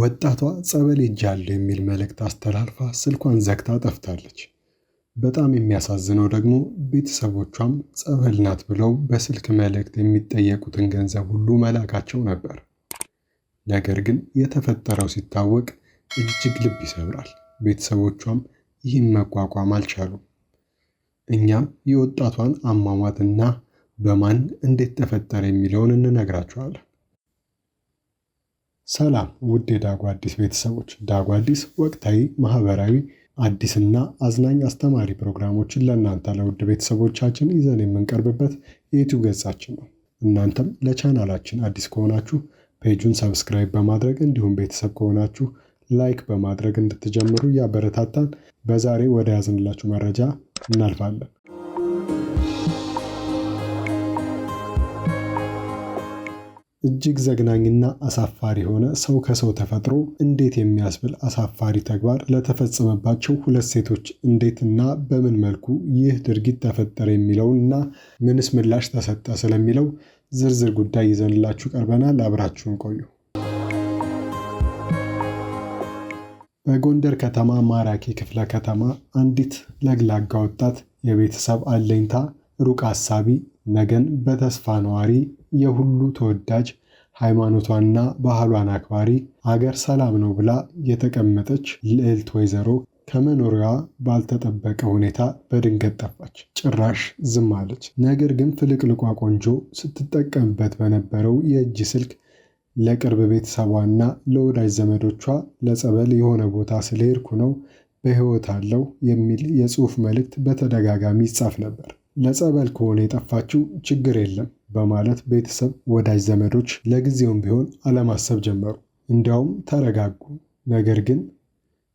ወጣቷ ጸበል ሄጃለሁ የሚል መልእክት አስተላልፋ ስልኳን ዘግታ ጠፍታለች። በጣም የሚያሳዝነው ደግሞ ቤተሰቦቿም ጸበል ናት ብለው በስልክ መልእክት የሚጠየቁትን ገንዘብ ሁሉ መላካቸው ነበር። ነገር ግን የተፈጠረው ሲታወቅ እጅግ ልብ ይሰብራል። ቤተሰቦቿም ይህን መቋቋም አልቻሉም። እኛም የወጣቷን እና በማን እንዴት ተፈጠረ የሚለውን እንነግራቸዋለን ሰላም ውድ የዳጉ አዲስ ቤተሰቦች፣ ዳጉ አዲስ ወቅታዊ፣ ማህበራዊ፣ አዲስና አዝናኝ አስተማሪ ፕሮግራሞችን ለእናንተ ለውድ ቤተሰቦቻችን ይዘን የምንቀርብበት የዩቲዩብ ገጻችን ነው። እናንተም ለቻናላችን አዲስ ከሆናችሁ ፔጁን ሰብስክራይብ በማድረግ እንዲሁም ቤተሰብ ከሆናችሁ ላይክ በማድረግ እንድትጀምሩ እያበረታታን በዛሬ ወደ ያዝንላችሁ መረጃ እናልፋለን። እጅግ ዘግናኝና አሳፋሪ የሆነ ሰው ከሰው ተፈጥሮ እንዴት የሚያስብል አሳፋሪ ተግባር ለተፈጸመባቸው ሁለት ሴቶች እንዴት እና በምን መልኩ ይህ ድርጊት ተፈጠረ የሚለውን እና ምንስ ምላሽ ተሰጠ ስለሚለው ዝርዝር ጉዳይ ይዘንላችሁ ቀርበናል። አብራችሁን ቆዩ። በጎንደር ከተማ ማራኪ ክፍለ ከተማ አንዲት ለግላጋ ወጣት የቤተሰብ አለኝታ ሩቅ አሳቢ ነገን በተስፋ ነዋሪ የሁሉ ተወዳጅ ሃይማኖቷና ባህሏን አክባሪ አገር ሰላም ነው ብላ የተቀመጠች ልዕልት ወይዘሮ ከመኖሪያዋ ባልተጠበቀ ሁኔታ በድንገት ጠፋች። ጭራሽ ዝም አለች። ነገር ግን ፍልቅልቋ ቆንጆ ስትጠቀምበት በነበረው የእጅ ስልክ ለቅርብ ቤተሰቧና ለወዳጅ ዘመዶቿ ለጸበል የሆነ ቦታ ስለሄድኩ ነው በሕይወት አለው የሚል የጽሑፍ መልእክት በተደጋጋሚ ይጻፍ ነበር። ለጸበል ከሆነ የጠፋችው ችግር የለም በማለት ቤተሰብ፣ ወዳጅ ዘመዶች ለጊዜውም ቢሆን አለማሰብ ጀመሩ። እንዲያውም ተረጋጉ። ነገር ግን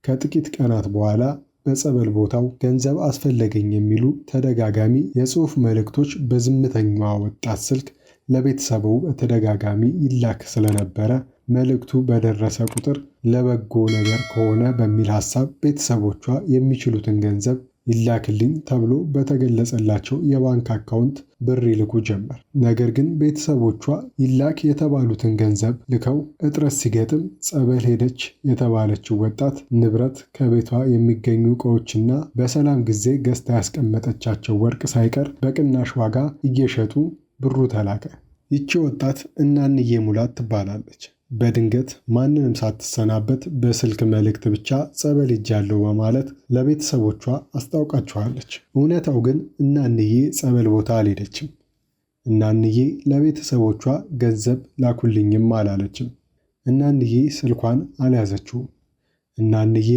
ከጥቂት ቀናት በኋላ በጸበል ቦታው ገንዘብ አስፈለገኝ የሚሉ ተደጋጋሚ የጽሑፍ መልእክቶች በዝምተኛዋ ወጣት ስልክ ለቤተሰቡ በተደጋጋሚ ይላክ ስለነበረ መልእክቱ በደረሰ ቁጥር ለበጎ ነገር ከሆነ በሚል ሐሳብ ቤተሰቦቿ የሚችሉትን ገንዘብ ይላክልኝ ተብሎ በተገለጸላቸው የባንክ አካውንት ብር ይልኩ ጀመር። ነገር ግን ቤተሰቦቿ ይላክ የተባሉትን ገንዘብ ልከው እጥረት ሲገጥም ጸበል ሄደች የተባለችው ወጣት ንብረት ከቤቷ የሚገኙ እቃዎችና በሰላም ጊዜ ገዝታ ያስቀመጠቻቸው ወርቅ ሳይቀር በቅናሽ ዋጋ እየሸጡ ብሩ ተላከ። ይቺ ወጣት እናንዬ ሙላት ትባላለች። በድንገት ማንንም ሳትሰናበት በስልክ መልእክት ብቻ ጸበል ሄጃለሁ በማለት ለቤተሰቦቿ አስታውቃቸዋለች። እውነታው ግን እናንዬ ጸበል ቦታ አልሄደችም። እናንዬ ለቤተሰቦቿ ገንዘብ ላኩልኝም አላለችም። እናንዬ ስልኳን አልያዘችውም። እናንዬ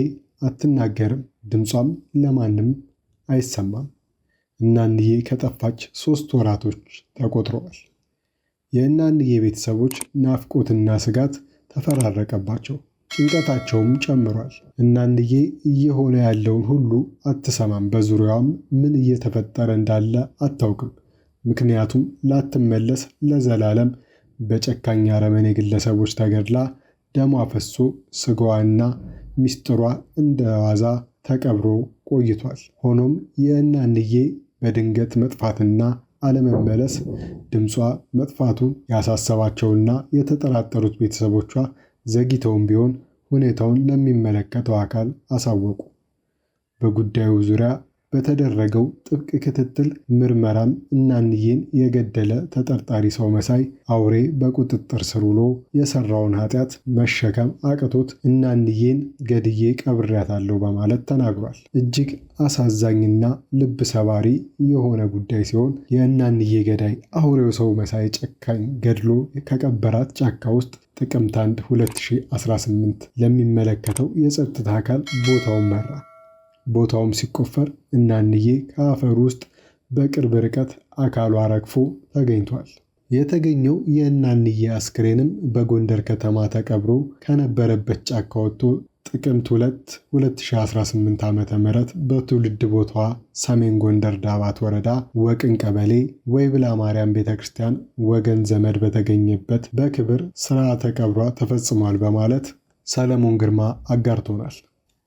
አትናገርም፣ ድምጿም ለማንም አይሰማም። እናንዬ ከጠፋች ሶስት ወራቶች ተቆጥረዋል። የእናንዬ ቤተሰቦች ናፍቆትና ስጋት ተፈራረቀባቸው፣ ጭንቀታቸውም ጨምሯል። እናንዬ እየሆነ ያለውን ሁሉ አትሰማም፣ በዙሪያዋም ምን እየተፈጠረ እንዳለ አታውቅም። ምክንያቱም ላትመለስ ለዘላለም በጨካኝ አረመኔ ግለሰቦች ተገድላ ደሟ ፈሶ ስጋዋና ሚስጥሯ እንደ ዋዛ ተቀብሮ ቆይቷል። ሆኖም የእናንዬ በድንገት መጥፋትና አለመመለስ ድምጿ መጥፋቱ ያሳሰባቸውና የተጠራጠሩት ቤተሰቦቿ ዘግይተውም ቢሆን ሁኔታውን ለሚመለከተው አካል አሳወቁ። በጉዳዩ ዙሪያ በተደረገው ጥብቅ ክትትል ምርመራም እናንዬን የገደለ ተጠርጣሪ ሰው መሳይ አውሬ በቁጥጥር ስር ውሎ የሰራውን ኃጢአት መሸከም አቅቶት እናንዬን ገድዬ ቀብሬያታለሁ በማለት ተናግሯል። እጅግ አሳዛኝና ልብ ሰባሪ የሆነ ጉዳይ ሲሆን የእናንዬ ገዳይ አውሬው ሰው መሳይ ጨካኝ ገድሎ ከቀበራት ጫካ ውስጥ ጥቅምት 1 2018 ለሚመለከተው የጸጥታ አካል ቦታውን መራ። ቦታውም ሲቆፈር እናንዬ ከአፈር ውስጥ በቅርብ ርቀት አካሏ ረግፎ ተገኝቷል። የተገኘው የእናንዬ አስክሬንም በጎንደር ከተማ ተቀብሮ ከነበረበት ጫካ ወጥቶ ጥቅምት 2 2018 ዓ ም በትውልድ ቦታዋ ሰሜን ጎንደር ዳባት ወረዳ ወቅን ቀበሌ ወይብላ ማርያም ቤተ ክርስቲያን ወገን ዘመድ በተገኘበት በክብር ስርዓተ ቀብሯ ተፈጽሟል በማለት ሰለሞን ግርማ አጋርቶናል።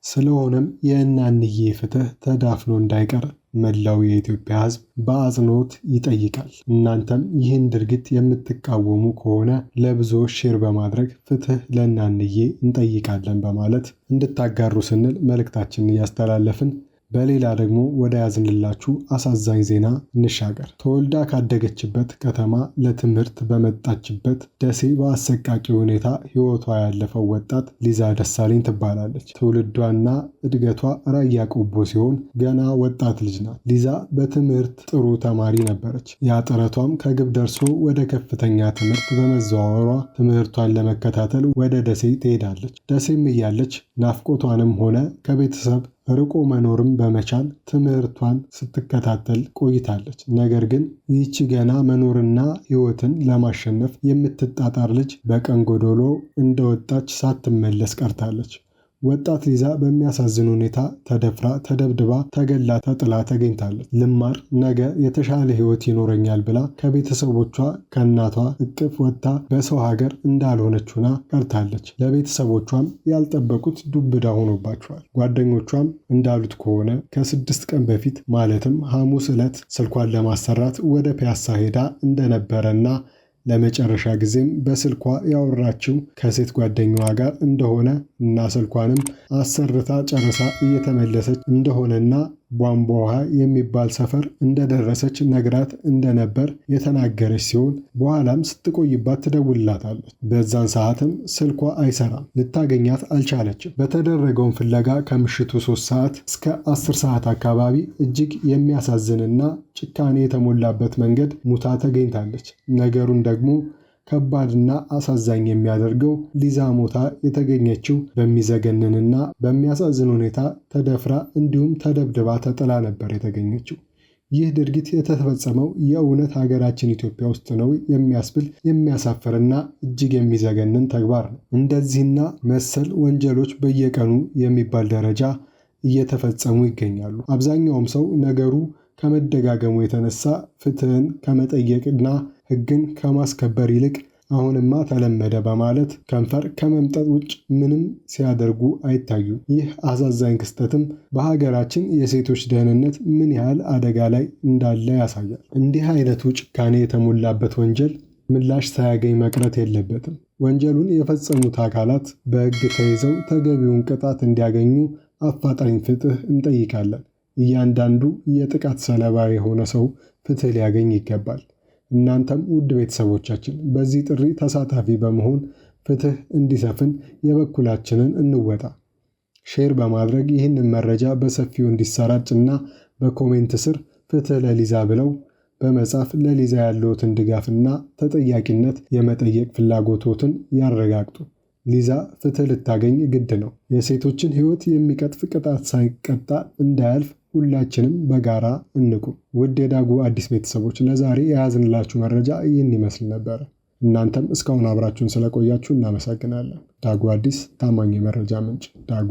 ስለሆነም የእናንዬ ፍትህ ተዳፍኖ እንዳይቀር መላው የኢትዮጵያ ሕዝብ በአጽንኦት ይጠይቃል። እናንተም ይህን ድርጊት የምትቃወሙ ከሆነ ለብዙዎች ሼር በማድረግ ፍትህ ለእናንዬ እንጠይቃለን በማለት እንድታጋሩ ስንል መልእክታችንን እያስተላለፍን በሌላ ደግሞ ወደ ያዝንላችሁ አሳዛኝ ዜና እንሻገር። ተወልዳ ካደገችበት ከተማ ለትምህርት በመጣችበት ደሴ በአሰቃቂ ሁኔታ ሕይወቷ ያለፈው ወጣት ሊዛ ደሳለኝ ትባላለች። ትውልዷና እድገቷ ራያ ቆቦ ሲሆን ገና ወጣት ልጅ ናት። ሊዛ በትምህርት ጥሩ ተማሪ ነበረች። ያ ጥረቷም ከግብ ደርሶ ወደ ከፍተኛ ትምህርት በመዘዋወሯ ትምህርቷን ለመከታተል ወደ ደሴ ትሄዳለች። ደሴም እያለች ናፍቆቷንም ሆነ ከቤተሰብ ርቆ መኖርም በመቻል ትምህርቷን ስትከታተል ቆይታለች። ነገር ግን ይህቺ ገና መኖርና ሕይወትን ለማሸነፍ የምትጣጣር ልጅ በቀን ጎዶሎ እንደወጣች ሳትመለስ ቀርታለች። ወጣት ሊዛ በሚያሳዝን ሁኔታ ተደፍራ፣ ተደብድባ፣ ተገላ፣ ተጥላ ተገኝታለች። ልማር ነገ የተሻለ ህይወት ይኖረኛል ብላ ከቤተሰቦቿ ከእናቷ እቅፍ ወጥታ በሰው ሀገር እንዳልሆነች ሆና ቀርታለች። ለቤተሰቦቿም ያልጠበቁት ዱብዳ ሆኖባቸዋል። ጓደኞቿም እንዳሉት ከሆነ ከስድስት ቀን በፊት ማለትም ሐሙስ ዕለት ስልኳን ለማሰራት ወደ ፒያሳ ሄዳ እንደነበረና ለመጨረሻ ጊዜም በስልኳ ያወራችው ከሴት ጓደኛዋ ጋር እንደሆነ እና ስልኳንም አሰርታ ጨርሳ እየተመለሰች እንደሆነና ቧንቧ ውሃ የሚባል ሰፈር እንደደረሰች ነግራት እንደነበር የተናገረች ሲሆን በኋላም ስትቆይባት ትደውልላታለች። በዛን ሰዓትም ስልኳ አይሰራም፣ ልታገኛት አልቻለችም። በተደረገውን ፍለጋ ከምሽቱ ሶስት ሰዓት እስከ አስር ሰዓት አካባቢ እጅግ የሚያሳዝንና ጭካኔ የተሞላበት መንገድ ሙታ ተገኝታለች። ነገሩን ደግሞ ከባድና አሳዛኝ የሚያደርገው ሊዛ ሞታ የተገኘችው በሚዘገንንና በሚያሳዝን ሁኔታ ተደፍራ እንዲሁም ተደብድባ ተጥላ ነበር የተገኘችው። ይህ ድርጊት የተፈጸመው የእውነት ሀገራችን ኢትዮጵያ ውስጥ ነው የሚያስብል የሚያሳፍርና እጅግ የሚዘገንን ተግባር ነው። እንደዚህና መሰል ወንጀሎች በየቀኑ የሚባል ደረጃ እየተፈጸሙ ይገኛሉ። አብዛኛውም ሰው ነገሩ ከመደጋገሙ የተነሳ ፍትህን ከመጠየቅና ሕግን ከማስከበር ይልቅ አሁንማ ተለመደ በማለት ከንፈር ከመምጠጥ ውጭ ምንም ሲያደርጉ አይታዩም። ይህ አሳዛኝ ክስተትም በሀገራችን የሴቶች ደህንነት ምን ያህል አደጋ ላይ እንዳለ ያሳያል። እንዲህ አይነቱ ጭካኔ የተሞላበት ወንጀል ምላሽ ሳያገኝ መቅረት የለበትም። ወንጀሉን የፈጸሙት አካላት በህግ ተይዘው ተገቢውን ቅጣት እንዲያገኙ አፋጣኝ ፍትህ እንጠይቃለን። እያንዳንዱ የጥቃት ሰለባ የሆነ ሰው ፍትህ ሊያገኝ ይገባል። እናንተም ውድ ቤተሰቦቻችን በዚህ ጥሪ ተሳታፊ በመሆን ፍትህ እንዲሰፍን የበኩላችንን እንወጣ። ሼር በማድረግ ይህንን መረጃ በሰፊው እንዲሰራጭ እና በኮሜንት ስር ፍትህ ለሊዛ ብለው በመጻፍ ለሊዛ ያለዎትን ድጋፍና ተጠያቂነት የመጠየቅ ፍላጎቶትን ያረጋግጡ። ሊዛ ፍትህ ልታገኝ ግድ ነው። የሴቶችን ህይወት የሚቀጥፍ ቅጣት ሳይቀጣ እንዳያልፍ ሁላችንም በጋራ እንቁም። ውድ የዳጉ አዲስ ቤተሰቦች ለዛሬ የያዝንላችሁ መረጃ ይህን ይመስል ነበረ። እናንተም እስካሁን አብራችሁን ስለቆያችሁ እናመሰግናለን። ዳጉ አዲስ ታማኝ የመረጃ ምንጭ ዳጉ